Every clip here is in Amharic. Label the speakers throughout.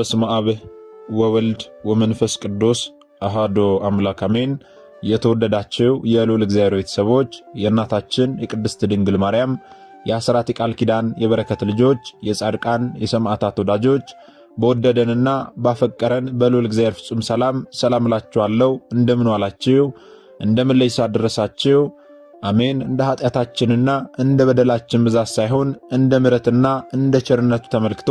Speaker 1: በስመ አብ ወወልድ ወመንፈስ ቅዱስ አሃዶ አምላክ አሜን። የተወደዳችሁ የልዑል እግዚአብሔር ቤተሰቦች የእናታችን የቅድስት ድንግል ማርያም የአስራት የቃል ኪዳን የበረከት ልጆች የጻድቃን የሰማዕታት ወዳጆች በወደደንና ባፈቀረን በልዑል እግዚአብሔር ፍጹም ሰላም ሰላም እላችኋለሁ። እንደምን ዋላችሁ? እንደምን ለይሳ ደረሳችሁ? አሜን። እንደ ኃጢአታችንና እንደ በደላችን ብዛት ሳይሆን እንደ ምረትና እንደ ቸርነቱ ተመልክቶ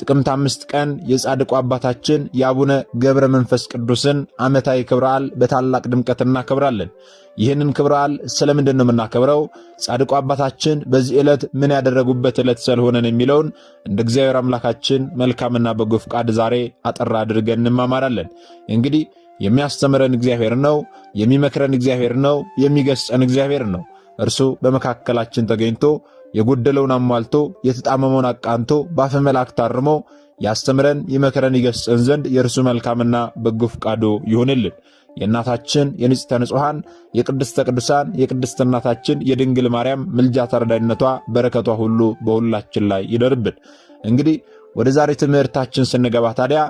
Speaker 1: ጥቅምት አምስት ቀን የጻድቁ አባታችን የአቡነ ገብረ መንፈስ ቅዱስን ዓመታዊ ክብረ በዓል በታላቅ ድምቀት እናከብራለን። ይህንን ክብረ በዓል ስለምንድን ነው የምናከብረው? ጻድቁ አባታችን በዚህ ዕለት ምን ያደረጉበት ዕለት ስለሆነን የሚለውን እንደ እግዚአብሔር አምላካችን መልካምና በጎ ፍቃድ ዛሬ አጠራ አድርገን እንማማራለን። እንግዲህ የሚያስተምረን እግዚአብሔር ነው፣ የሚመክረን እግዚአብሔር ነው፣ የሚገስጸን እግዚአብሔር ነው። እርሱ በመካከላችን ተገኝቶ የጎደለውን አሟልቶ የተጣመመውን አቃንቶ በአፈ መልአክ ታርሞ ያስተምረን ይመክረን ይገስጸን ዘንድ የእርሱ መልካምና በጎ ፍቃዱ ይሁንልን። የእናታችን የንጽሕተ ንጹሐን የቅድስተ ቅዱሳን የቅድስት እናታችን የድንግል ማርያም ምልጃ ተረዳይነቷ በረከቷ ሁሉ በሁላችን ላይ ይደርብን። እንግዲህ ወደ ዛሬ ትምህርታችን ስንገባ ታዲያ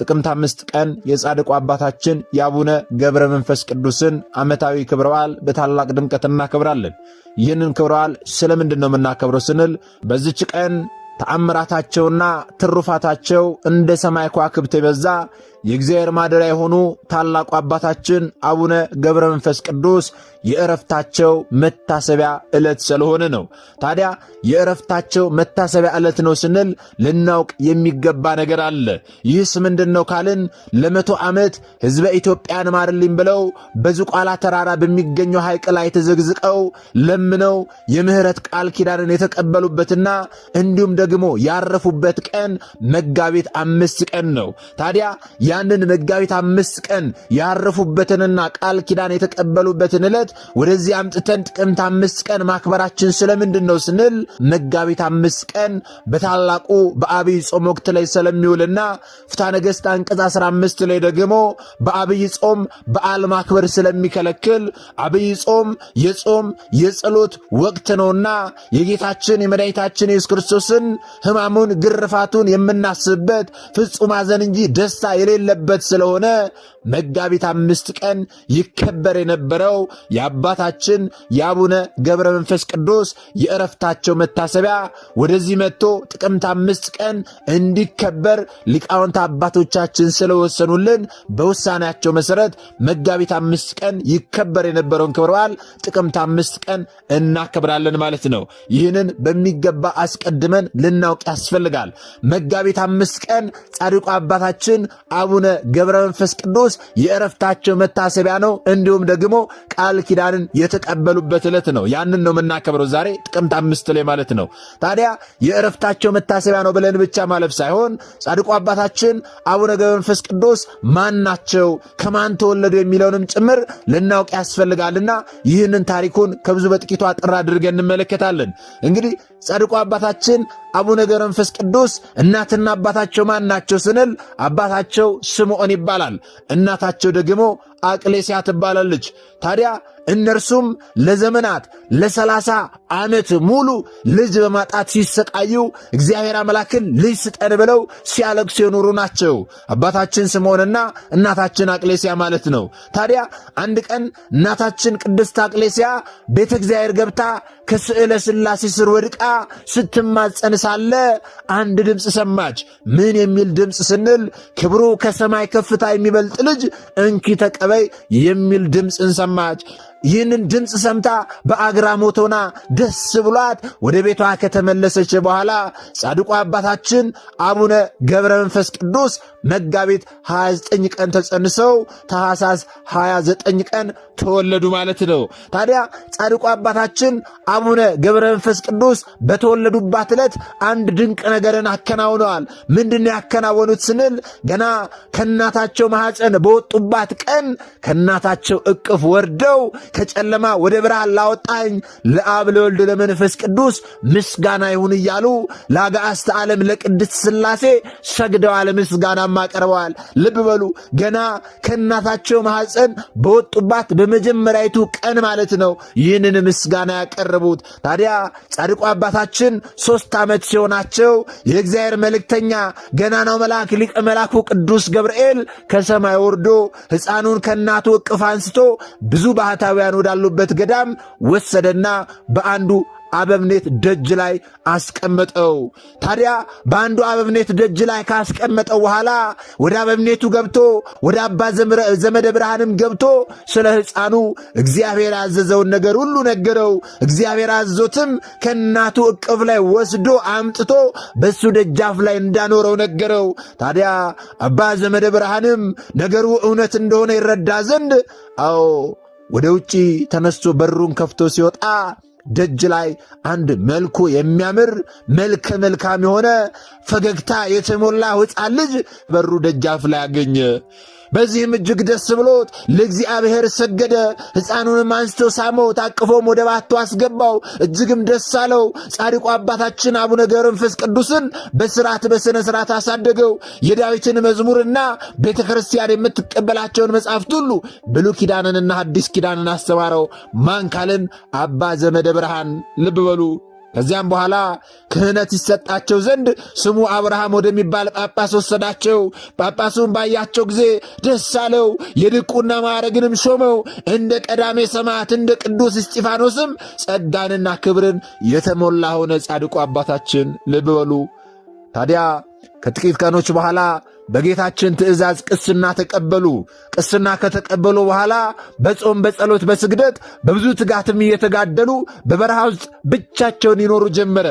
Speaker 1: ጥቅምት አምስት ቀን የጻድቁ አባታችን የአቡነ ገብረ መንፈስ ቅዱስን ዓመታዊ ክብረ በዓል በታላቅ ድምቀት እናከብራለን። ይህንን ክብረ በዓል ስለምንድን ነው የምናከብረው ስንል በዚች ቀን ተአምራታቸውና ትሩፋታቸው እንደ ሰማይ ከዋክብት የበዛ የእግዚአብሔር ማደሪያ የሆኑ ታላቁ አባታችን አቡነ ገብረ መንፈስ ቅዱስ የእረፍታቸው መታሰቢያ ዕለት ስለሆነ ነው። ታዲያ የእረፍታቸው መታሰቢያ ዕለት ነው ስንል ልናውቅ የሚገባ ነገር አለ። ይህስ ምንድን ነው ካልን ለመቶ ዓመት ሕዝበ ኢትዮጵያን ማርልኝ ብለው በዝቋላ ተራራ በሚገኘው ሐይቅ ላይ ተዘግዝቀው ለምነው የምህረት ቃል ኪዳንን የተቀበሉበትና እንዲሁም ደግሞ ያረፉበት ቀን መጋቢት አምስት ቀን ነው። ታዲያ ያንን መጋቢት አምስት ቀን ያረፉበትንና ቃል ኪዳን የተቀበሉበትን ዕለት ወደዚህ አምጥተን ጥቅምት አምስት ቀን ማክበራችን ስለምንድን ነው ስንል መጋቢት አምስት ቀን በታላቁ በአብይ ጾም ወቅት ላይ ስለሚውልና ፍትሐ ነገሥት አንቀጽ 15 ላይ ደግሞ በአብይ ጾም በዓል ማክበር ስለሚከለክል አብይ ጾም የጾም የጸሎት ወቅት ነውና የጌታችን የመድኃኒታችን የሱስ ክርስቶስን ሕማሙን ግርፋቱን የምናስብበት ፍጹም ሐዘን እንጂ ደስታ የሌለበት ስለሆነ መጋቢት አምስት ቀን ይከበር የነበረው የአባታችን የአቡነ ገብረ መንፈስ ቅዱስ የእረፍታቸው መታሰቢያ ወደዚህ መጥቶ ጥቅምት አምስት ቀን እንዲከበር ሊቃውንት አባቶቻችን ስለወሰኑልን በውሳኔያቸው መሠረት መጋቢት አምስት ቀን ይከበር የነበረውን ክብረ በዓል ጥቅምት አምስት ቀን እናከብራለን ማለት ነው። ይህንን በሚገባ አስቀድመን ልናውቅ ያስፈልጋል። መጋቢት አምስት ቀን ጻድቁ አባታችን አቡነ ገብረ መንፈስ ቅዱስ ክርስቶስ የእረፍታቸው መታሰቢያ ነው። እንዲሁም ደግሞ ቃል ኪዳንን የተቀበሉበት ዕለት ነው። ያንን ነው የምናከብረው ዛሬ ጥቅምት አምስት ላይ ማለት ነው። ታዲያ የእረፍታቸው መታሰቢያ ነው ብለን ብቻ ማለፍ ሳይሆን ጻድቁ አባታችን አቡነ ገብረ መንፈስ ቅዱስ ማን ናቸው፣ ከማን ተወለዱ የሚለውንም ጭምር ልናውቅ ያስፈልጋልና ይህንን ታሪኩን ከብዙ በጥቂቱ አጥር አድርገን እንመለከታለን እንግዲህ ጸድቆ አባታችን አቡነ ገብረ መንፈስ ቅዱስ እናትና አባታቸው ማን ናቸው ስንል አባታቸው ስምዖን ይባላል። እናታቸው ደግሞ አቅሌሲያ ትባላለች። ታዲያ እነርሱም ለዘመናት ለሰላሳ ዓመት ሙሉ ልጅ በማጣት ሲሰቃዩ እግዚአብሔር አምላክን ልጅ ስጠን ብለው ሲያለቅሱ የኖሩ ናቸው። አባታችን ስምዖንና እናታችን አቅሌሲያ ማለት ነው። ታዲያ አንድ ቀን እናታችን ቅድስት አቅሌሲያ ቤተ እግዚአብሔር ገብታ ከስዕለ ስላሴ ስር ወድቃ ስትማጸን ሳለ አንድ ድምፅ ሰማች። ምን የሚል ድምፅ ስንል ክብሩ ከሰማይ ከፍታ የሚበልጥ ልጅ እንኪ ተቀበል በይ የሚል ድምፅን ሰማች። ይህንን ድምፅ ሰምታ በአግራሞት ሆና ደስ ብሏት ወደ ቤቷ ከተመለሰች በኋላ ጻድቁ አባታችን አቡነ ገብረ መንፈስ ቅዱስ መጋቢት 29 ቀን ተጸንሰው ተሐሳስ 29 ቀን ተወለዱ ማለት ነው። ታዲያ ጻድቁ አባታችን አቡነ ገብረ መንፈስ ቅዱስ በተወለዱባት ዕለት አንድ ድንቅ ነገርን አከናውነዋል። ምንድን ያከናወኑት ስንል ገና ከእናታቸው ማኅፀን በወጡባት ቀን ከእናታቸው እቅፍ ወርደው ከጨለማ ወደ ብርሃን ላወጣኝ ለአብ ለወልድ ለመንፈስ ቅዱስ ምስጋና ይሁን እያሉ ለአጋዕዝተ ዓለም ለቅድስት ሥላሴ ሰግደዋል። ምስጋና አቀርበዋል። ልብ በሉ ገና ከእናታቸው ማኅፀን በወጡባት በመጀመሪያይቱ ቀን ማለት ነው ይህንን ምስጋና ያቀረቡት። ታዲያ ጻድቁ አባታችን ሦስት ዓመት ሲሆናቸው የእግዚአብሔር መልእክተኛ ገናናው መልአክ ሊቀ መልአኩ ቅዱስ ገብርኤል ከሰማይ ወርዶ ሕፃኑን ከእናቱ እቅፍ አንስቶ ብዙ ባህታውያን ወዳሉበት ገዳም ወሰደና በአንዱ አበምኔት ደጅ ላይ አስቀመጠው። ታዲያ በአንዱ አበምኔት ደጅ ላይ ካስቀመጠው በኋላ ወደ አበምኔቱ ገብቶ ወደ አባ ዘመደ ብርሃንም ገብቶ ስለ ሕፃኑ እግዚአብሔር ያዘዘውን ነገር ሁሉ ነገረው። እግዚአብሔር አዞትም ከእናቱ እቅፍ ላይ ወስዶ አምጥቶ በሱ ደጃፍ ላይ እንዳኖረው ነገረው። ታዲያ አባ ዘመደ ብርሃንም ነገሩ እውነት እንደሆነ ይረዳ ዘንድ አዎ ወደ ውጪ ተነስቶ በሩን ከፍቶ ሲወጣ ደጅ ላይ አንድ መልኩ የሚያምር መልከ መልካም የሆነ ፈገግታ የተሞላ ሕፃን ልጅ በሩ ደጃፍ ላይ አገኘ። በዚህም እጅግ ደስ ብሎት ለእግዚአብሔር ሰገደ። ሕፃኑንም አንስቶ ሳመው፣ ታቅፎም ወደ ባቶ አስገባው። እጅግም ደስ አለው። ጻድቁ አባታችን አቡነ ገብረ መንፈስ ቅዱስን በስርዓት በሥነ ሥርዓት አሳደገው። የዳዊትን መዝሙርና ቤተ ክርስቲያን የምትቀበላቸውን መጽሐፍት ሁሉ ብሉይ ኪዳንንና አዲስ ኪዳንን አስተማረው። ማንካልን አባ ዘመደ ብርሃን። ልብ በሉ ከዚያም በኋላ ክህነት ይሰጣቸው ዘንድ ስሙ አብርሃም ወደሚባል ጳጳስ ወሰዳቸው። ጳጳሱን ባያቸው ጊዜ ደስ አለው። የድቁና ማዕረግንም ሾመው። እንደ ቀዳሜ ሰማዕት እንደ ቅዱስ እስጢፋኖስም ጸጋንና ክብርን የተሞላ ሆነ ጻድቁ አባታችን። ልብ በሉ ታዲያ ከጥቂት ቀኖች በኋላ በጌታችን ትእዛዝ ቅስና ተቀበሉ። ቅስና ከተቀበሉ በኋላ በጾም በጸሎት በስግደት በብዙ ትጋትም እየተጋደሉ በበረሃ ውስጥ ብቻቸውን ይኖሩ ጀመረ።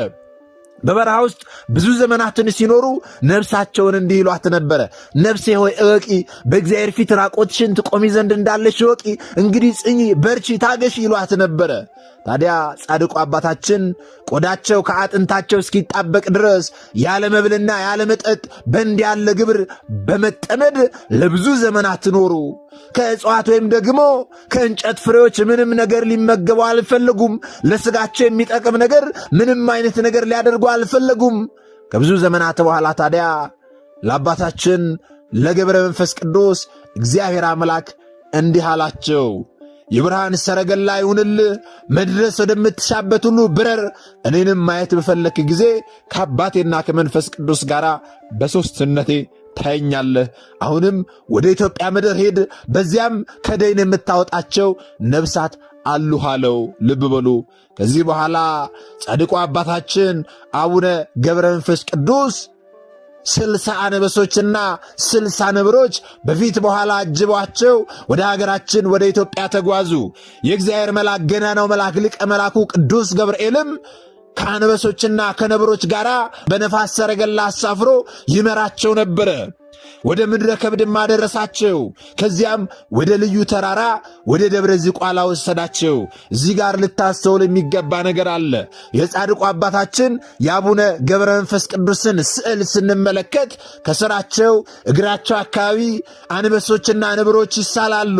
Speaker 1: በበረሃ ውስጥ ብዙ ዘመናትን ሲኖሩ ነፍሳቸውን እንዲህ ይሏት ነበረ። ነፍሴ ሆይ እወቂ፣ በእግዚአብሔር ፊት ራቆትሽን ትቆሚ ዘንድ እንዳለሽ እወቂ። እንግዲህ ጽኚ፣ በርቺ፣ ታገሽ ይሏት ነበረ። ታዲያ ጻድቁ አባታችን ቆዳቸው ከአጥንታቸው እስኪጣበቅ ድረስ ያለ መብልና ያለ መጠጥ በእንዲ ያለ ግብር በመጠመድ ለብዙ ዘመናት ኖሩ። ከእጽዋት ወይም ደግሞ ከእንጨት ፍሬዎች ምንም ነገር ሊመገቡ አልፈለጉም። ለስጋቸው የሚጠቅም ነገር ምንም አይነት ነገር ሊያደርጉ አልፈለጉም። ከብዙ ዘመናት በኋላ ታዲያ ለአባታችን ለገብረ መንፈስ ቅዱስ እግዚአብሔር አምላክ እንዲህ አላቸው። የብርሃን ሰረገላ ይሁንልህ፣ መድረስ ወደምትሻበት ሁሉ ብረር። እኔንም ማየት በፈለክ ጊዜ ከአባቴና ከመንፈስ ቅዱስ ጋር በሦስትነቴ ታየኛለህ። አሁንም ወደ ኢትዮጵያ ምድር ሄድ በዚያም ከደይን የምታወጣቸው ነብሳት አሉሃለው። ልብ በሉ። ከዚህ በኋላ ጻድቁ አባታችን አቡነ ገብረ መንፈስ ቅዱስ ስልሳ አንበሶችና ስልሳ ነብሮች በፊት በኋላ አጅቧቸው ወደ አገራችን ወደ ኢትዮጵያ ተጓዙ። የእግዚአብሔር መልአክ ገናናው መልአክ ሊቀ መልአኩ ቅዱስ ገብርኤልም ከአንበሶችና ከነብሮች ጋር በነፋስ ሰረገላ አሳፍሮ ይመራቸው ነበረ። ወደ ምድረ ከብድም አደረሳቸው። ከዚያም ወደ ልዩ ተራራ ወደ ደብረ ዝቋላ ወሰዳቸው። እዚህ ጋር ልታስተውል የሚገባ ነገር አለ። የጻድቁ አባታችን የአቡነ ገብረ መንፈስ ቅዱስን ስዕል ስንመለከት ከስራቸው እግራቸው አካባቢ አንበሶችና ነብሮች ይሳላሉ።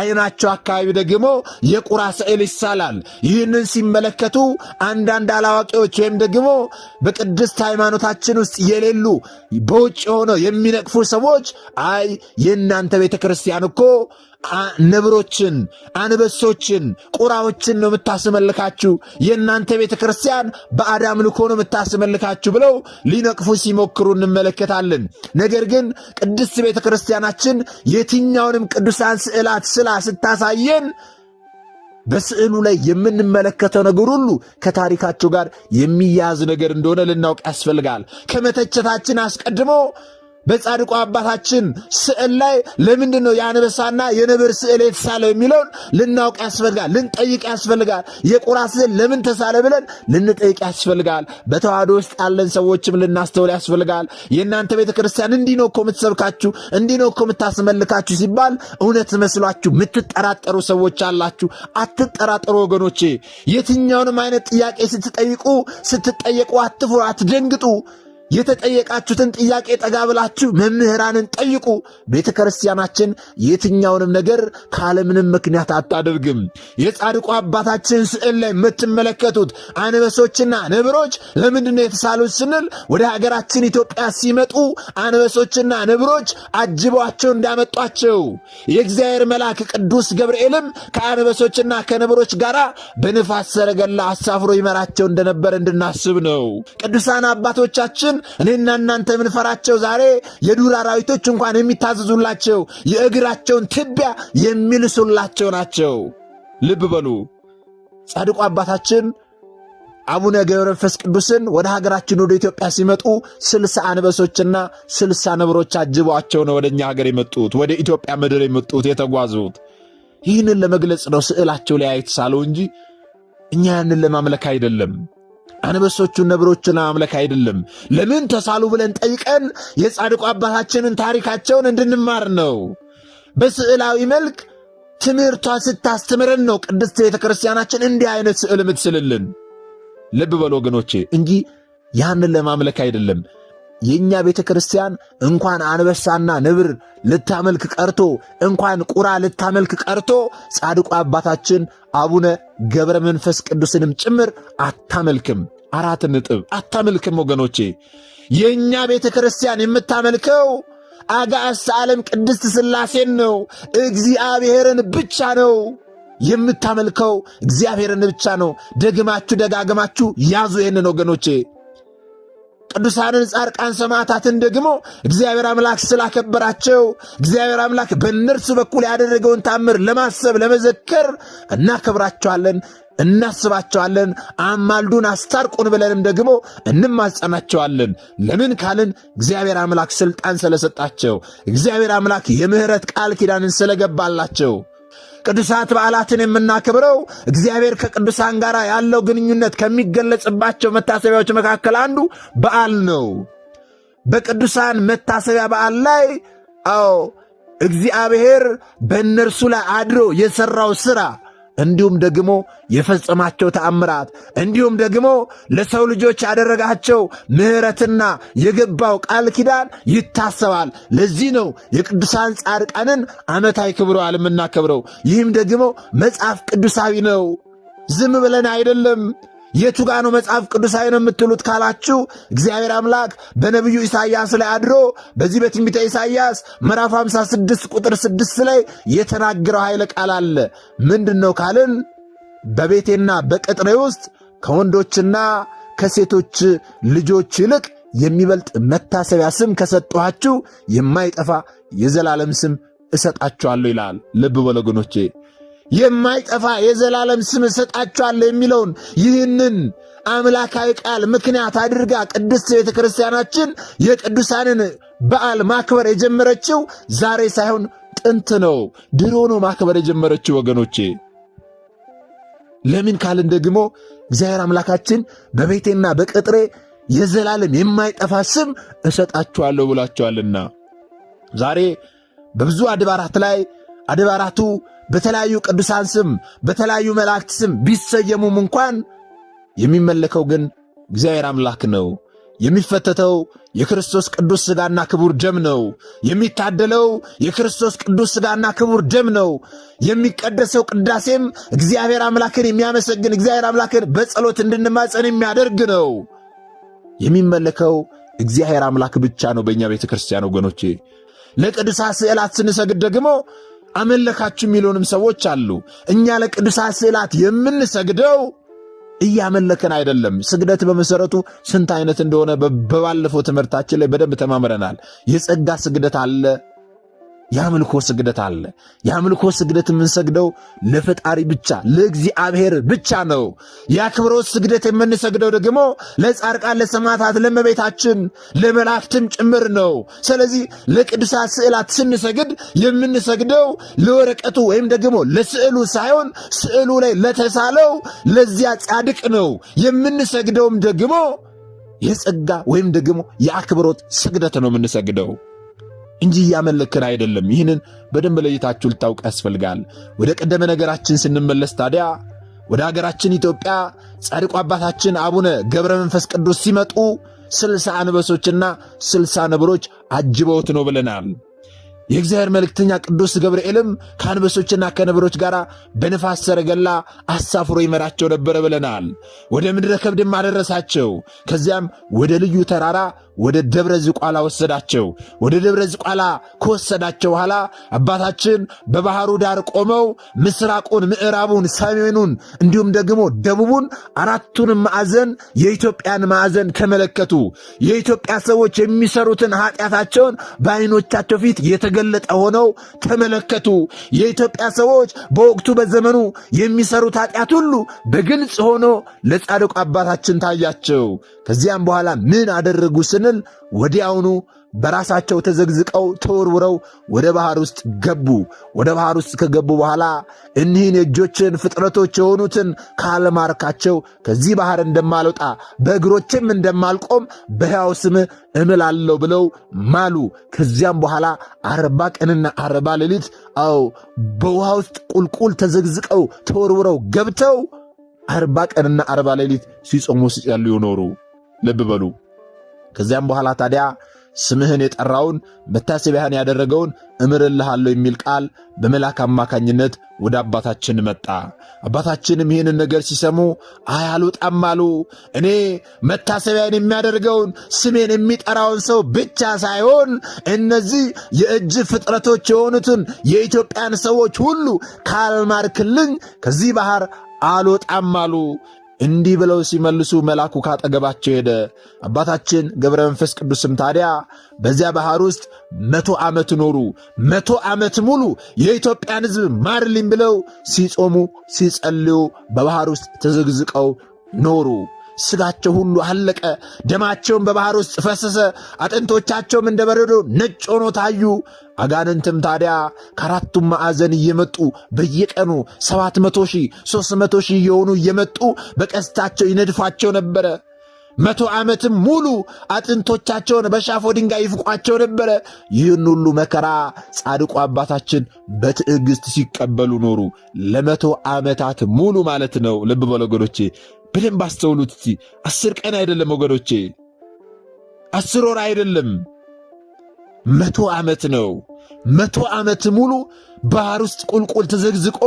Speaker 1: አይናቸው አካባቢ ደግሞ የቁራ ስዕል ይሳላል። ይህንን ሲመለከቱ አንዳንድ አላዋቂዎች ወይም ደግሞ በቅድስት ሃይማኖታችን ውስጥ የሌሉ በውጭ ሆነው የሚነቅፉ ሰዎች አይ የእናንተ ቤተ ክርስቲያን እኮ ነብሮችን፣ አንበሶችን፣ ቁራዎችን ነው የምታስመልካችሁ፣ የእናንተ ቤተ ክርስቲያን በአዳም ልኮ ነው የምታስመልካችሁ ብለው ሊነቅፉ ሲሞክሩ እንመለከታለን። ነገር ግን ቅድስት ቤተ ክርስቲያናችን የትኛውንም ቅዱሳን ስዕላት ስላ ስታሳየን በስዕሉ ላይ የምንመለከተው ነገር ሁሉ ከታሪካቸው ጋር የሚያዝ ነገር እንደሆነ ልናውቅ ያስፈልጋል። ከመተቸታችን አስቀድሞ በጻድቁ አባታችን ስዕል ላይ ለምንድን ነው የአንበሳና የነብር ስዕል የተሳለው የሚለውን ልናውቅ ያስፈልጋል፣ ልንጠይቅ ያስፈልጋል። የቁራ ስዕል ለምን ተሳለ ብለን ልንጠይቅ ያስፈልጋል። በተዋህዶ ውስጥ ያለን ሰዎችም ልናስተውል ያስፈልጋል። የእናንተ ቤተ ክርስቲያን እንዲህ ነው እኮ የምትሰብካችሁ፣ እንዲህ ነው እኮ የምታስመልካችሁ ሲባል እውነት መስሏችሁ የምትጠራጠሩ ሰዎች አላችሁ። አትጠራጠሩ ወገኖቼ። የትኛውንም አይነት ጥያቄ ስትጠይቁ ስትጠየቁ አትፍሩ፣ አትደንግጡ። የተጠየቃችሁትን ጥያቄ ጠጋ ብላችሁ መምህራንን ጠይቁ። ቤተ ክርስቲያናችን የትኛውንም ነገር ካለምንም ምክንያት አታደርግም። የጻድቁ አባታችን ስዕል ላይ የምትመለከቱት አንበሶችና ነብሮች ለምንድነው የተሳሉት ስንል ወደ ሀገራችን ኢትዮጵያ ሲመጡ አንበሶችና ነብሮች አጅበዋቸው እንዳመጧቸው የእግዚአብሔር መልአክ ቅዱስ ገብርኤልም ከአንበሶችና ከነብሮች ጋር በንፋስ ሰረገላ አሳፍሮ ይመራቸው እንደነበር እንድናስብ ነው። ቅዱሳን አባቶቻችን ዘመን እኔና እናንተ የምንፈራቸው ዛሬ የዱር አራዊቶች እንኳን የሚታዘዙላቸው የእግራቸውን ትቢያ የሚልሱላቸው ናቸው። ልብ በሉ። ጻድቁ አባታችን አቡነ ገብረ መንፈስ ቅዱስን ወደ ሀገራችን ወደ ኢትዮጵያ ሲመጡ ስልሳ አንበሶችና ስልሳ ነብሮች አጅቧቸው ነው ወደ እኛ ሀገር የመጡት ወደ ኢትዮጵያ ምድር የመጡት የተጓዙት። ይህንን ለመግለጽ ነው ስዕላቸው ላይ የተሳለው እንጂ እኛ ያንን ለማምለክ አይደለም። አንበሶቹን ነብሮችን አምለክ አይደለም። ለምን ተሳሉ ብለን ጠይቀን የጻድቁ አባታችንን ታሪካቸውን እንድንማር ነው። በስዕላዊ መልክ ትምህርቷ ስታስተምረን ነው ቅድስት ቤተ ክርስቲያናችን እንዲህ አይነት ስዕል የምትስልልን። ልብ በሉ ወገኖቼ እንጂ ያንን ለማምለክ አይደለም። የእኛ ቤተ ክርስቲያን እንኳን አንበሳና ንብር ልታመልክ ቀርቶ እንኳን ቁራ ልታመልክ ቀርቶ ጻድቁ አባታችን አቡነ ገብረ መንፈስ ቅዱስንም ጭምር አታመልክም። አራት ነጥብ አታመልክም። ወገኖቼ የእኛ ቤተ ክርስቲያን የምታመልከው አጋዕዝተ ዓለም ቅድስት ሥላሴን ነው። እግዚአብሔርን ብቻ ነው የምታመልከው፣ እግዚአብሔርን ብቻ ነው። ደግማችሁ ደጋግማችሁ ያዙ ይህንን ወገኖቼ። ቅዱሳንን፣ ጻድቃን፣ ሰማዕታትን ደግሞ እግዚአብሔር አምላክ ስላከበራቸው እግዚአብሔር አምላክ በእነርሱ በኩል ያደረገውን ታምር ለማሰብ ለመዘከር እናከብራቸዋለን እናስባቸዋለን አማልዱን አስታርቁን ብለንም ደግሞ እንማጸናቸዋለን። ለምን ካልን እግዚአብሔር አምላክ ስልጣን ስለሰጣቸው፣ እግዚአብሔር አምላክ የምሕረት ቃል ኪዳንን ስለገባላቸው ቅዱሳት በዓላትን የምናከብረው እግዚአብሔር ከቅዱሳን ጋር ያለው ግንኙነት ከሚገለጽባቸው መታሰቢያዎች መካከል አንዱ በዓል ነው። በቅዱሳን መታሰቢያ በዓል ላይ አዎ እግዚአብሔር በእነርሱ ላይ አድሮ የሠራው ሥራ እንዲሁም ደግሞ የፈጸማቸው ተአምራት እንዲሁም ደግሞ ለሰው ልጆች ያደረጋቸው ምሕረትና የገባው ቃል ኪዳን ይታሰባል። ለዚህ ነው የቅዱሳን ጻድቃንን ዓመታዊ ክብረ በዓል የምናከብረው። ይህም ደግሞ መጽሐፍ ቅዱሳዊ ነው። ዝም ብለን አይደለም የቱ ጋ ነው መጽሐፍ ቅዱሳዊ ነው የምትሉት ካላችሁ እግዚአብሔር አምላክ በነቢዩ ኢሳያስ ላይ አድሮ በዚህ በትንቢተ ኢሳያስ ምዕራፍ 56 ቁጥር 6 ላይ የተናገረው ኃይለ ቃል አለ። ምንድን ነው ካልን በቤቴና በቅጥሬ ውስጥ ከወንዶችና ከሴቶች ልጆች ይልቅ የሚበልጥ መታሰቢያ ስም ከሰጠኋችሁ የማይጠፋ የዘላለም ስም እሰጣችኋለሁ ይላል። ልብ በሉ ወገኖቼ። የማይጠፋ የዘላለም ስም እሰጣችኋለሁ የሚለውን ይህንን አምላካዊ ቃል ምክንያት አድርጋ ቅድስት ቤተ ክርስቲያናችን የቅዱሳንን በዓል ማክበር የጀመረችው ዛሬ ሳይሆን ጥንት ነው። ድሮ ነው ማክበር የጀመረችው ወገኖቼ። ለምን ካልን ደግሞ እግዚአብሔር አምላካችን በቤቴና በቅጥሬ የዘላለም የማይጠፋ ስም እሰጣችኋለሁ ብላችኋልና ዛሬ በብዙ አድባራት ላይ አድባራቱ በተለያዩ ቅዱሳን ስም በተለያዩ መላእክት ስም ቢሰየሙም እንኳን የሚመለከው ግን እግዚአብሔር አምላክ ነው። የሚፈተተው የክርስቶስ ቅዱስ ሥጋና ክቡር ደም ነው። የሚታደለው የክርስቶስ ቅዱስ ሥጋና ክቡር ደም ነው። የሚቀደሰው ቅዳሴም እግዚአብሔር አምላክን የሚያመሰግን እግዚአብሔር አምላክን በጸሎት እንድንማጸን የሚያደርግ ነው። የሚመለከው እግዚአብሔር አምላክ ብቻ ነው። በእኛ ቤተ ክርስቲያን ወገኖቼ ለቅዱሳ ስዕላት ስንሰግድ ደግሞ አመለካችሁ የሚሉንም ሰዎች አሉ። እኛ ለቅዱሳት ስዕላት የምንሰግደው እያመለከን አይደለም። ስግደት በመሰረቱ ስንት አይነት እንደሆነ በባለፈው ትምህርታችን ላይ በደንብ ተማምረናል። የጸጋ ስግደት አለ የአምልኮ ስግደት አለ። የአምልኮ ስግደት የምንሰግደው ለፈጣሪ ብቻ ለእግዚአብሔር ብቻ ነው። የአክብሮት ስግደት የምንሰግደው ደግሞ ለጻድቃን፣ ለሰማዕታት፣ ለመቤታችን ለመላእክትም ጭምር ነው። ስለዚህ ለቅዱሳት ስዕላት ስንሰግድ የምንሰግደው ለወረቀቱ ወይም ደግሞ ለስዕሉ ሳይሆን ስዕሉ ላይ ለተሳለው ለዚያ ጻድቅ ነው። የምንሰግደውም ደግሞ የጸጋ ወይም ደግሞ የአክብሮት ስግደት ነው የምንሰግደው። እንጂ እያመለክን አይደለም። ይህንን በደንብ ለይታችሁ ልታውቅ ያስፈልጋል። ወደ ቀደመ ነገራችን ስንመለስ ታዲያ ወደ አገራችን ኢትዮጵያ ጻድቁ አባታችን አቡነ ገብረ መንፈስ ቅዱስ ሲመጡ ስልሳ አንበሶችና ስልሳ ነብሮች አጅበውት ነው ብለናል። የእግዚአብሔር መልእክተኛ ቅዱስ ገብርኤልም ከአንበሶችና ከነብሮች ጋር በንፋስ ሰረገላ አሳፍሮ ይመራቸው ነበረ ብለናል። ወደ ምድረ ከብድም አደረሳቸው። ከዚያም ወደ ልዩ ተራራ ወደ ደብረ ዝቋላ ወሰዳቸው። ወደ ደብረ ዝቋላ ከወሰዳቸው በኋላ አባታችን በባህሩ ዳር ቆመው ምስራቁን፣ ምዕራቡን፣ ሰሜኑን እንዲሁም ደግሞ ደቡቡን አራቱንም ማዕዘን የኢትዮጵያን ማዕዘን ተመለከቱ። የኢትዮጵያ ሰዎች የሚሰሩትን ኃጢአታቸውን በዓይኖቻቸው ፊት የተገለጠ ሆነው ተመለከቱ። የኢትዮጵያ ሰዎች በወቅቱ በዘመኑ የሚሰሩት ኃጢአት ሁሉ በግልጽ ሆኖ ለጻድቁ አባታችን ታያቸው። ከዚያም በኋላ ምን አደረጉ ስን ስንል ወዲያውኑ በራሳቸው ተዘግዝቀው ተወርውረው ወደ ባህር ውስጥ ገቡ። ወደ ባህር ውስጥ ከገቡ በኋላ እኒህን የእጆችን ፍጥረቶች የሆኑትን ካለማርካቸው ከዚህ ባህር እንደማልወጣ በእግሮችም እንደማልቆም በሕያው ስም እምላለሁ ብለው ማሉ። ከዚያም በኋላ አርባ ቀንና አርባ ሌሊት አዎ በውሃ ውስጥ ቁልቁል ተዘግዝቀው ተወርውረው ገብተው አርባ ቀንና አርባ ሌሊት ሲጾሙ ሲጸልዩ ኖሩ። ልብ በሉ። ከዚያም በኋላ ታዲያ ስምህን የጠራውን መታሰቢያህን ያደረገውን እምርልሃለሁ የሚል ቃል በመልአክ አማካኝነት ወደ አባታችን መጣ። አባታችንም ይህንን ነገር ሲሰሙ አይ አልወጣም አሉ። እኔ መታሰቢያን የሚያደርገውን ስሜን የሚጠራውን ሰው ብቻ ሳይሆን እነዚህ የእጅ ፍጥረቶች የሆኑትን የኢትዮጵያን ሰዎች ሁሉ ካልማርክልኝ ከዚህ ባህር አልወጣም አሉ። እንዲህ ብለው ሲመልሱ መልአኩ ካጠገባቸው ሄደ። አባታችን ገብረ መንፈስ ቅዱስም ታዲያ በዚያ ባህር ውስጥ መቶ ዓመት ኖሩ። መቶ ዓመት ሙሉ የኢትዮጵያን ሕዝብ ማርልኝ ብለው ሲጾሙ ሲጸልዩ በባህር ውስጥ ተዘግዝቀው ኖሩ። ስጋቸው ሁሉ አለቀ፣ ደማቸውም በባህር ውስጥ ፈሰሰ፣ አጥንቶቻቸውም እንደ በረዶ ነጭ ሆኖ ታዩ። አጋንንትም ታዲያ ከአራቱም ማዕዘን እየመጡ በየቀኑ ሰባት መቶ ሺህ ሦስት መቶ ሺህ እየሆኑ እየመጡ በቀስታቸው ይነድፋቸው ነበረ። መቶ ዓመትም ሙሉ አጥንቶቻቸውን በሻፎ ድንጋይ ይፍቋቸው ነበረ። ይህን ሁሉ መከራ ጻድቁ አባታችን በትዕግሥት ሲቀበሉ ኖሩ። ለመቶ ዓመታት ሙሉ ማለት ነው። ልብ በሉ ወገኖቼ፣ በደንብ አስተውሉት። አስር ቀን አይደለም ወገኖቼ፣ አስር ወር አይደለም፣ መቶ ዓመት ነው። መቶ ዓመት ሙሉ ባህር ውስጥ ቁልቁል ተዘግዝቆ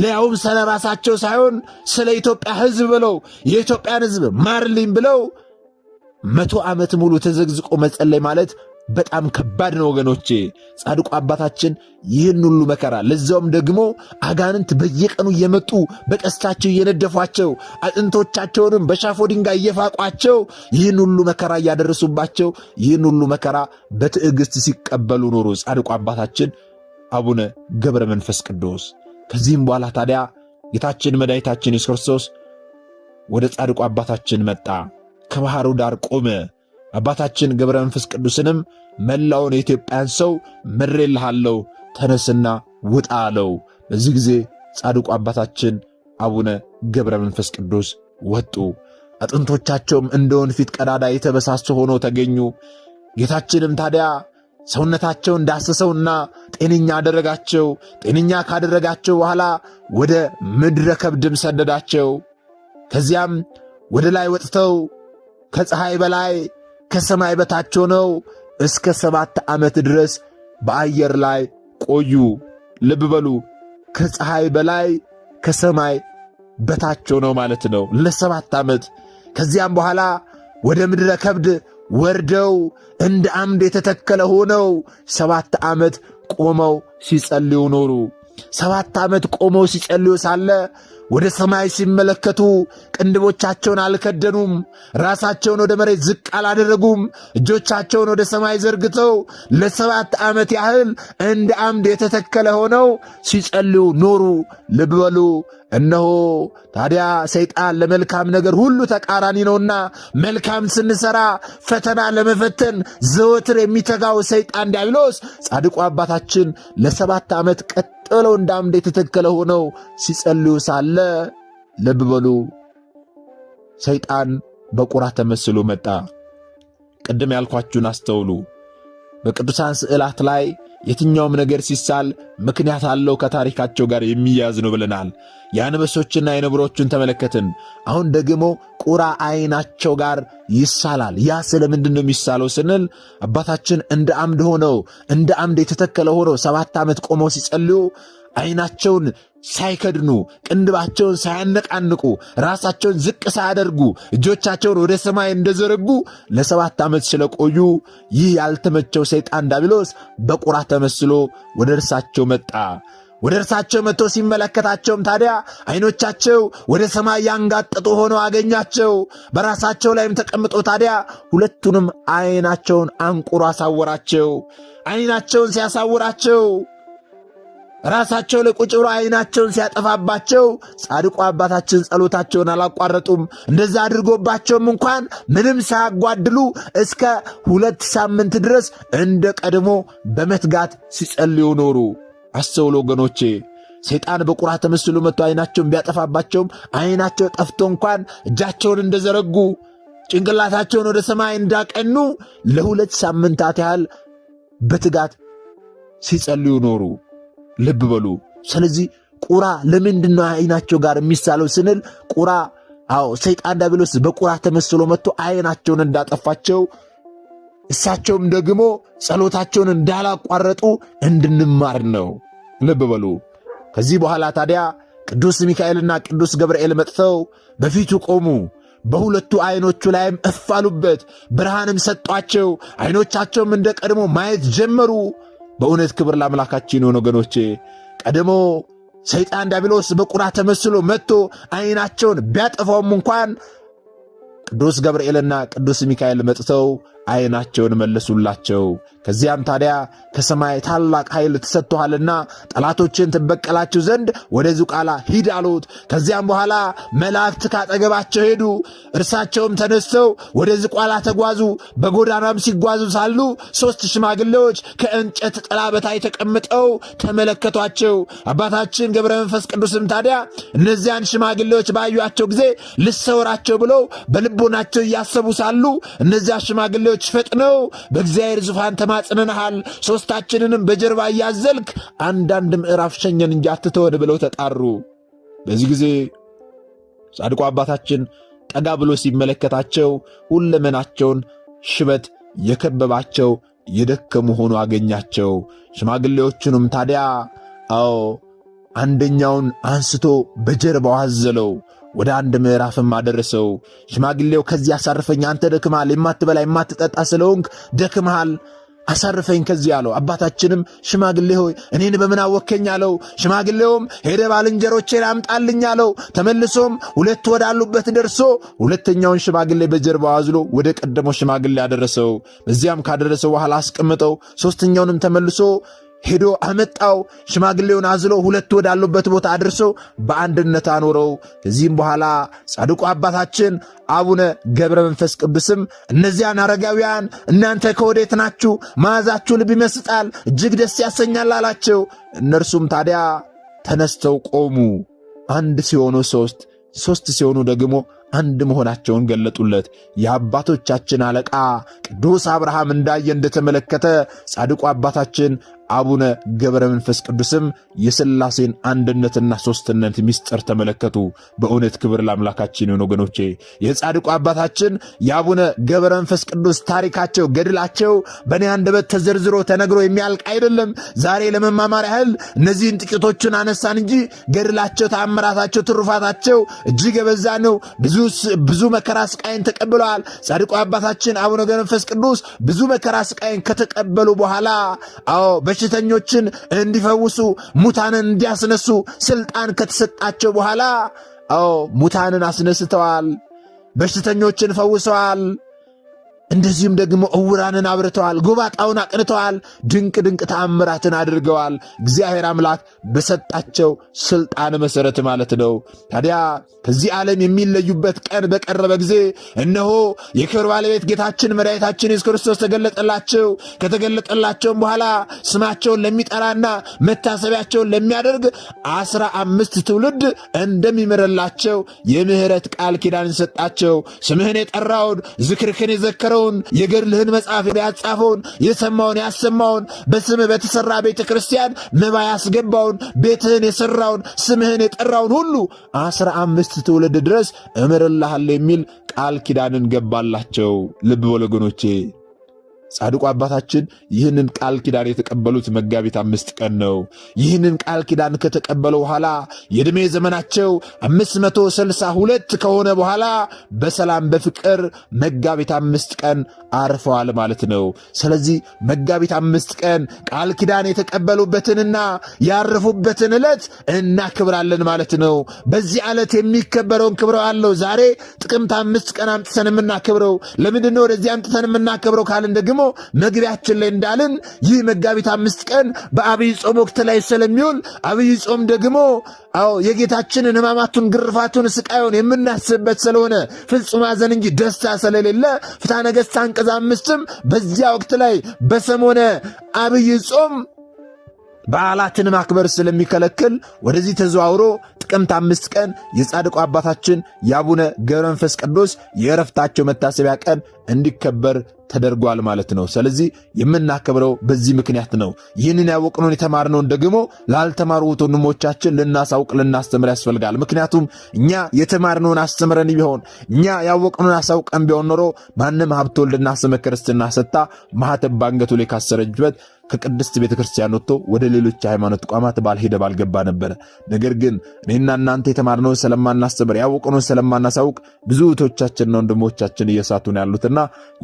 Speaker 1: ሊያውም ስለ ራሳቸው ሳይሆን ስለ ኢትዮጵያ ሕዝብ ብለው የኢትዮጵያን ሕዝብ ማርልኝ ብለው መቶ ዓመት ሙሉ ተዘግዝቆ መጸለይ ማለት በጣም ከባድ ነው ወገኖቼ። ጻድቁ አባታችን ይህን ሁሉ መከራ ለዛውም ደግሞ አጋንንት በየቀኑ እየመጡ በቀስታቸው እየነደፏቸው አጥንቶቻቸውንም በሻፎ ድንጋይ እየፋቋቸው ይህን ሁሉ መከራ እያደረሱባቸው ይህን ሁሉ መከራ በትዕግስት ሲቀበሉ ኖሩ ጻድቁ አባታችን አቡነ ገብረ መንፈስ ቅዱስ። ከዚህም በኋላ ታዲያ ጌታችን መድኃኒታችን ኢየሱስ ክርስቶስ ወደ ጻድቁ አባታችን መጣ፣ ከባሕሩ ዳር ቆመ። አባታችን ገብረ መንፈስ ቅዱስንም መላውን የኢትዮጵያን ሰው ምሬልሃለሁ፣ ተነስና ውጣ አለው። በዚህ ጊዜ ጻድቁ አባታችን አቡነ ገብረ መንፈስ ቅዱስ ወጡ። አጥንቶቻቸውም እንደ ወንፊት ቀዳዳ የተበሳሰ ሆኖ ተገኙ። ጌታችንም ታዲያ ሰውነታቸውን እንዳሰሰውና ጤንኛ አደረጋቸው። ጤንኛ ካደረጋቸው በኋላ ወደ ምድረ ከብድም ሰደዳቸው። ከዚያም ወደ ላይ ወጥተው ከፀሐይ በላይ ከሰማይ በታች ሆነው እስከ ሰባት ዓመት ድረስ በአየር ላይ ቆዩ። ልብ በሉ፣ ከፀሐይ በላይ ከሰማይ በታች ሆነው ማለት ነው ለሰባት ዓመት። ከዚያም በኋላ ወደ ምድረ ከብድ ወርደው እንደ አምድ የተተከለ ሆነው ሰባት ዓመት ቆመው ሲጸልዩ ኖሩ። ሰባት ዓመት ቆመው ሲጸልዩ ሳለ ወደ ሰማይ ሲመለከቱ ቅንድቦቻቸውን አልከደኑም፣ ራሳቸውን ወደ መሬት ዝቅ አላደረጉም። እጆቻቸውን ወደ ሰማይ ዘርግተው ለሰባት ዓመት ያህል እንደ አምድ የተተከለ ሆነው ሲጸልዩ ኖሩ። ልብ በሉ። እነሆ ታዲያ ሰይጣን ለመልካም ነገር ሁሉ ተቃራኒ ነውና መልካም ስንሰራ ፈተና ለመፈተን ዘወትር የሚተጋው ሰይጣን ዲያብሎስ ጻድቁ አባታችን ለሰባት ዓመት ቀጥ ጥለው እንደ አምድ የተተከለ ሆነው ሲጸልዩ ሳለ ልብ በሉ ሰይጣን በቁራ ተመስሎ መጣ። ቅድም ያልኳችሁን አስተውሉ። በቅዱሳን ስዕላት ላይ የትኛውም ነገር ሲሳል ምክንያት አለው፣ ከታሪካቸው ጋር የሚያያዝ ነው ብለናል። የአንበሶችና የነብሮቹን ተመለከትን። አሁን ደግሞ ቁራ አይናቸው ጋር ይሳላል። ያ ምንድን ነው የሚሳለው ስንል አባታችን እንደ አምድ ሆነው እንደ አምድ የተተከለ ሆነው ሰባት ዓመት ቆመው ሲጸልዩ አይናቸውን ሳይከድኑ ቅንድባቸውን ሳያነቃንቁ ራሳቸውን ዝቅ ሳያደርጉ እጆቻቸውን ወደ ሰማይ እንደዘረጉ ለሰባት ዓመት ስለቆዩ ይህ ያልተመቸው ሰይጣን ዳቢሎስ በቁራ ተመስሎ ወደ እርሳቸው መጣ። ወደ እርሳቸው መጥቶ ሲመለከታቸውም ታዲያ አይኖቻቸው ወደ ሰማይ ያንጋጠጡ ሆነው አገኛቸው። በራሳቸው ላይም ተቀምጦ ታዲያ ሁለቱንም አይናቸውን አንቁሮ አሳወራቸው። አይናቸውን ሲያሳውራቸው ራሳቸው ላይ ቁጭ ብሎ አይናቸውን ሲያጠፋባቸው ጻድቁ አባታችን ጸሎታቸውን አላቋረጡም። እንደዛ አድርጎባቸውም እንኳን ምንም ሳያጓድሉ እስከ ሁለት ሳምንት ድረስ እንደ ቀድሞ በመትጋት ሲጸልዩ ኖሩ። አሰውሎ ወገኖቼ። ሰይጣን በቁራ ተመስሎ መጥቶ አይናቸውን ቢያጠፋባቸውም አይናቸው ጠፍቶ እንኳን እጃቸውን እንደዘረጉ ጭንቅላታቸውን ወደ ሰማይ እንዳቀኑ ለሁለት ሳምንታት ያህል በትጋት ሲጸልዩ ኖሩ። ልብ በሉ። ስለዚህ ቁራ ለምንድን ነው አይናቸው ጋር የሚሳለው ስንል ቁራ አዎ ሰይጣን ዲያብሎስ በቁራ ተመስሎ መጥቶ አይናቸውን እንዳጠፋቸው እሳቸውም ደግሞ ጸሎታቸውን እንዳላቋረጡ እንድንማር ነው። ልብ በሉ። ከዚህ በኋላ ታዲያ ቅዱስ ሚካኤልና ቅዱስ ገብርኤል መጥተው በፊቱ ቆሙ። በሁለቱ ዐይኖቹ ላይም እፍ አሉበት፣ ብርሃንም ሰጧቸው። ዐይኖቻቸውም እንደ ቀድሞ ማየት ጀመሩ። በእውነት ክብር ለአምላካችን የሆነ ወገኖቼ ቀድሞ ሰይጣን ዲያብሎስ በቁራ ተመስሎ መጥቶ አይናቸውን ቢያጠፋውም እንኳን ቅዱስ ገብርኤልና ቅዱስ ሚካኤል መጥተው አይናቸውን መለሱላቸው። ከዚያም ታዲያ ከሰማይ ታላቅ ኃይል ተሰጥቶሃልና ጠላቶችን ትበቀላቸው ዘንድ ወደ ዙቃላ ሂድ አሉት። ከዚያም በኋላ መላእክት ካጠገባቸው ሄዱ። እርሳቸውም ተነስተው ወደ ዝቋላ ተጓዙ። በጎዳናም ሲጓዙ ሳሉ ሦስት ሽማግሌዎች ከእንጨት ጥላ በታይ ተቀምጠው ተመለከቷቸው። አባታችን ገብረ መንፈስ ቅዱስም ታዲያ እነዚያን ሽማግሌዎች ባዩቸው ጊዜ ልሰወራቸው ብለው በልቦናቸው እያሰቡ ሳሉ እነዚያ ሽማግሌዎች ሌሎች ፈጥነው በእግዚአብሔር ዙፋን ተማጽነንሃል፣ ሦስታችንንም በጀርባ እያዘልክ አንዳንድ ምዕራፍ ሸኘን እንጂ አትተወን ብለው ተጣሩ። በዚህ ጊዜ ጻድቁ አባታችን ጠጋ ብሎ ሲመለከታቸው ሁለመናቸውን ሽበት የከበባቸው የደከሙ ሆኖ አገኛቸው። ሽማግሌዎቹንም ታዲያ አዎ አንደኛውን አንስቶ በጀርባው አዘለው። ወደ አንድ ምዕራፍም አደረሰው። ሽማግሌው ከዚህ አሳርፈኝ፣ አንተ ደክመሃል፣ የማትበላ የማትጠጣ ስለሆንክ ደክመሃል፣ አሳርፈኝ ከዚህ አለው። አባታችንም ሽማግሌ ሆይ እኔን በምን አወከኝ አለው። ሽማግሌውም ሄደ ባልንጀሮቼን አምጣልኝ አለው። ተመልሶም ሁለት ወዳሉበት ደርሶ ሁለተኛውን ሽማግሌ በጀርባው አዝሎ ወደ ቀደመው ሽማግሌ አደረሰው። በዚያም ካደረሰው በኋላ አስቀምጠው ሦስተኛውንም ተመልሶ ሄዶ አመጣው። ሽማግሌውን አዝሎ ሁለቱ ወዳሉበት ቦታ አድርሶ በአንድነት አኖረው። ከዚህም በኋላ ጻድቁ አባታችን አቡነ ገብረ መንፈስ ቅዱስም እነዚያን አረጋውያን እናንተ ከወዴት ናችሁ? መዓዛችሁ ልብ ይመስጣል፣ እጅግ ደስ ያሰኛል አላቸው። እነርሱም ታዲያ ተነስተው ቆሙ። አንድ ሲሆኑ ሶስት፣ ሶስት ሲሆኑ ደግሞ አንድ መሆናቸውን ገለጡለት። የአባቶቻችን አለቃ ቅዱስ አብርሃም እንዳየ እንደተመለከተ ጻድቁ አባታችን አቡነ ገብረ መንፈስ ቅዱስም የሥላሴን አንድነትና ሦስትነት ምስጢር ተመለከቱ። በእውነት ክብር ለአምላካችን የሆነ ወገኖቼ የጻድቁ አባታችን የአቡነ ገብረ መንፈስ ቅዱስ ታሪካቸው፣ ገድላቸው በእኔ አንደበት ተዘርዝሮ ተነግሮ የሚያልቅ አይደለም። ዛሬ ለመማማር ያህል እነዚህን ጥቂቶቹን አነሳን እንጂ ገድላቸው፣ ተአምራታቸው፣ ትሩፋታቸው እጅግ የበዛ ነው ብዙ ብዙ መከራ ስቃይን ተቀብለዋል። ጻድቁ አባታችን አቡነ ገመንፈስ ቅዱስ ብዙ መከራ ስቃይን ከተቀበሉ በኋላ አዎ በሽተኞችን እንዲፈውሱ ሙታንን እንዲያስነሱ ስልጣን ከተሰጣቸው በኋላ አዎ ሙታንን አስነስተዋል፣ በሽተኞችን ፈውሰዋል። እንደዚሁም ደግሞ እውራንን አብርተዋል፣ ጎባጣውን አቅንተዋል፣ ድንቅ ድንቅ ተአምራትን አድርገዋል። እግዚአብሔር አምላክ በሰጣቸው ስልጣን መሰረት ማለት ነው። ታዲያ ከዚህ ዓለም የሚለዩበት ቀን በቀረበ ጊዜ እነሆ የክብር ባለቤት ጌታችን መድኃኒታችን ኢየሱስ ክርስቶስ ተገለጠላቸው። ከተገለጠላቸውም በኋላ ስማቸውን ለሚጠራና መታሰቢያቸውን ለሚያደርግ አስራ አምስት ትውልድ እንደሚምረላቸው የምህረት ቃል ኪዳን ሰጣቸው። ስምህን የጠራውን ዝክርክን የዘከረው ያነበበውን የገድልህን መጽሐፍ ያጻፈውን የሰማውን ያሰማውን በስምህ በተሰራ ቤተ ክርስቲያን መባ ያስገባውን ቤትህን የሰራውን ስምህን የጠራውን ሁሉ አስራ አምስት ትውልድ ድረስ እምርልሃለሁ የሚል ቃል ኪዳንን ገባላቸው። ልብ በል ወገኖቼ። ጻድቁ አባታችን ይህንን ቃል ኪዳን የተቀበሉት መጋቢት አምስት ቀን ነው። ይህንን ቃል ኪዳን ከተቀበሉ በኋላ የዕድሜ ዘመናቸው 562 ከሆነ በኋላ በሰላም በፍቅር መጋቢት አምስት ቀን አርፈዋል ማለት ነው። ስለዚህ መጋቢት አምስት ቀን ቃል ኪዳን የተቀበሉበትንና ያረፉበትን ዕለት እናክብራለን ማለት ነው። በዚህ ዕለት የሚከበረውን ክብረ አለው ዛሬ ጥቅምት አምስት ቀን አምጥተን የምናክብረው ለምንድነው ወደዚህ አምጥተን የምናክብረው ካልን ደግሞ ደግሞ መግቢያችን ላይ እንዳልን ይህ መጋቢት አምስት ቀን በአብይ ጾም ወቅት ላይ ስለሚውል አብይ ጾም ደግሞ አዎ የጌታችንን ሕማማቱን ግርፋቱን ስቃዩን የምናስብበት ስለሆነ ፍጹም ሐዘን እንጂ ደስታ ስለሌለ ፍትሐ ነገሥት አንቀጽ አምስትም በዚያ ወቅት ላይ በሰሞነ አብይ ጾም በዓላትን ማክበር ስለሚከለክል ወደዚህ ተዘዋውሮ ጥቅምት አምስት ቀን የጻድቁ አባታችን የአቡነ ገብረ መንፈስ ቅዱስ የእረፍታቸው መታሰቢያ ቀን እንዲከበር ተደርጓል ማለት ነው። ስለዚህ የምናከብረው በዚህ ምክንያት ነው። ይህንን ያወቅነውን የተማርነውን ደግሞ ላልተማሩ ወንድሞቻችን ልናሳውቅ ልናስተምር ያስፈልጋል። ምክንያቱም እኛ የተማርነውን አስተምረን ቢሆን እኛ ያወቅነውን አሳውቀን ቢሆን ኖሮ ማንም ሀብተ ወልድና ስመ ክርስትና ሰጥታ ማኅተብ ባንገቱ ላይ ካሰረጅበት ከቅድስት ቤተ ክርስቲያን ወጥቶ ወደ ሌሎች የሃይማኖት ተቋማት ባልሄደ ባልገባ ነበረ። ነገር ግን እኔና እናንተ የተማርነውን ስለማናስተምር ያወቅነውን ስለማናሳውቅ ብዙ እህቶቻችንና ወንድሞቻችን እየሳቱን ያሉትና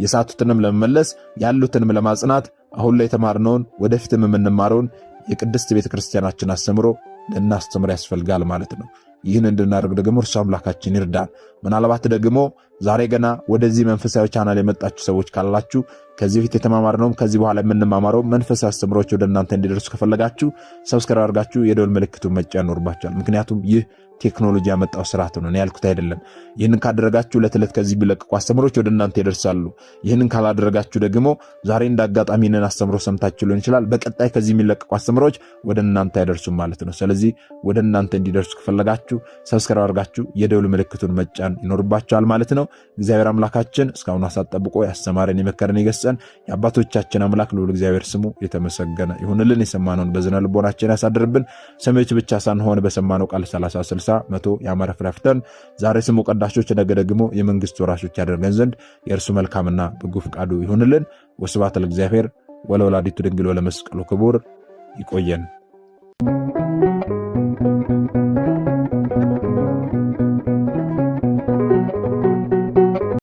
Speaker 1: የሳቱትንም ለመመለስ ያሉትንም ለማጽናት አሁን ላይ የተማርነውን ወደፊትም የምንማረውን የቅድስት ቤተ ክርስቲያናችን አስተምሮ ልናስተምር ያስፈልጋል ማለት ነው። ይህን እንድናደርግ ደግሞ እርሱ አምላካችን ይርዳል። ምናልባት ደግሞ ዛሬ ገና ወደዚህ መንፈሳዊ ቻናል የመጣችሁ ሰዎች ካላችሁ ከዚህ በፊት የተማማርነውም ከዚህ በኋላ የምንማማረው መንፈሳዊ አስተምሮች ወደ እናንተ እንዲደርሱ ከፈለጋችሁ ሰብስክራይብ አድርጋችሁ የደወል ምልክቱን መጫን ይኖርባችኋል። ምክንያቱም ይህ ቴክኖሎጂ ያመጣው ስርዓት ነው፣ ያልኩት አይደለም። ይህንን ካደረጋችሁ ዕለት ዕለት ከዚህ ቢለቅቁ አስተምሮች ወደ እናንተ ይደርሳሉ። ይህንን ካላደረጋችሁ ደግሞ ዛሬ እንደ አጋጣሚ ይህንን አስተምሮ ሰምታችሁ ሊሆን ይችላል፣ በቀጣይ ከዚህ የሚለቅቁ አስተምሮች ወደ እናንተ አይደርሱም ማለት ነው። ስለዚህ ወደ እናንተ እንዲደርሱ ከፈለጋችሁ ሰብስክራይብ አድርጋችሁ የደወል ምልክቱን መጫን ይኖርባችኋል ማለት ነው። ነው። እግዚአብሔር አምላካችን እስካሁን ሀሳብ ጠብቆ ያስተማረን የመከረን የገሰጸን የአባቶቻችን አምላክ ልዑል እግዚአብሔር ስሙ የተመሰገነ ይሁንልን። የሰማነውን በዝነ ልቦናችን ያሳድርብን። ሰሚዎች ብቻ ሳንሆን በሰማነው ቃል 30 60 መቶ ያማረ ፍሬ አፍርተን ዛሬ ስሙ ቀዳሾች ነገ ደግሞ የመንግስት ወራሾች ያደርገን ዘንድ የእርሱ መልካምና በጎ ፈቃዱ ይሁንልን። ወስብሐት ለእግዚአብሔር ወለወላዲቱ ድንግል ወለመስቀሉ ክቡር። ይቆየን።